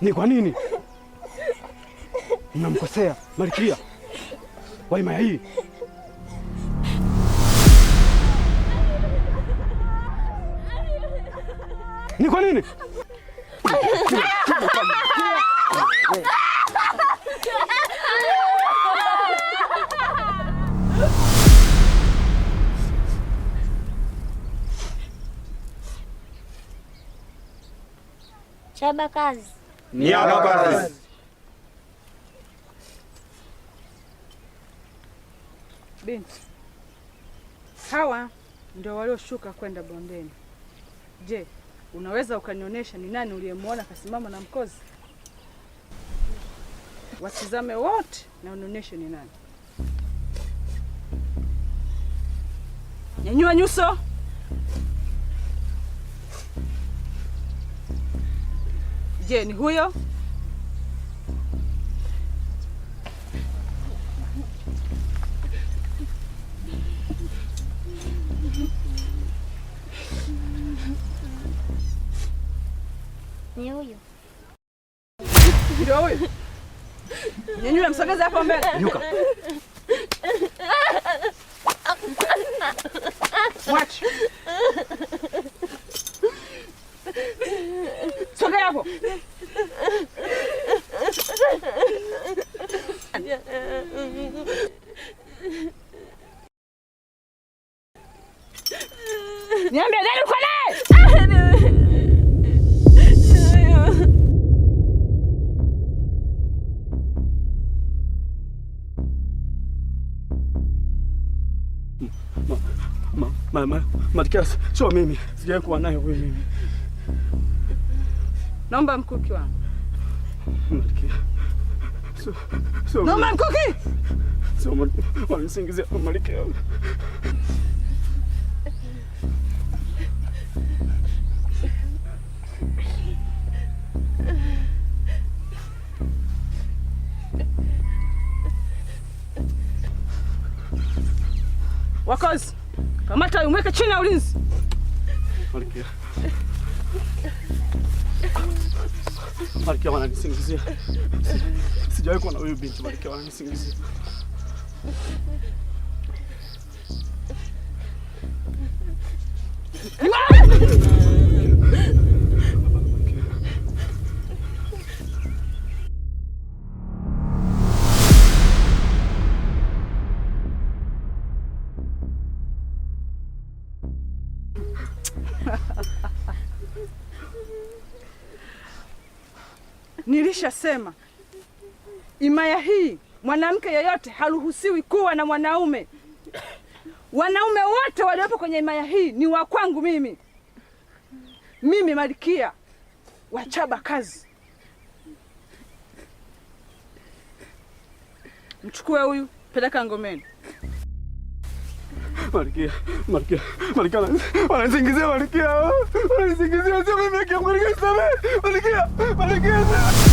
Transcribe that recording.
Ni kwa nini mnamkosea Malkia wa himaya hii? Ni kwa nini? Chaba kazi. Niaba kazi. Binti, hawa ndio walioshuka kwenda bondeni. Je, unaweza ukanionyesha ni nani uliyemwona akasimama na mkozi? Watizame wote na unionyeshe ni nani. Nyanyua nyuso. Je, ni huyo? Ni huyo. Ndio huyo. Nyanyua, msogeze hapo mbele. Nyuka. Watch. Niambie gani uko naye? Matikias, sio mimi, sijawahi kuwa nayo wewe mimi. Naomba mkuki wangu. Naomba mkuki. So, Wananisingizia Malkia. Wakozi, kamata umweke chini ya ulinzi. Malkia. Malkia wananisingizia, sijawahi kuwa na huyu binti. Malkia wananisingizia. Nilishasema imaya hii mwanamke yeyote haruhusiwi kuwa na mwanaume. Wanaume wote waliopo kwenye imaya hii ni wa kwangu mimi, mimi Malkia wa kazi Mchukue huyu, peleka ngomeni. Marquía, Marquía, Marquía, parece que Marquía, parece que me Marquía.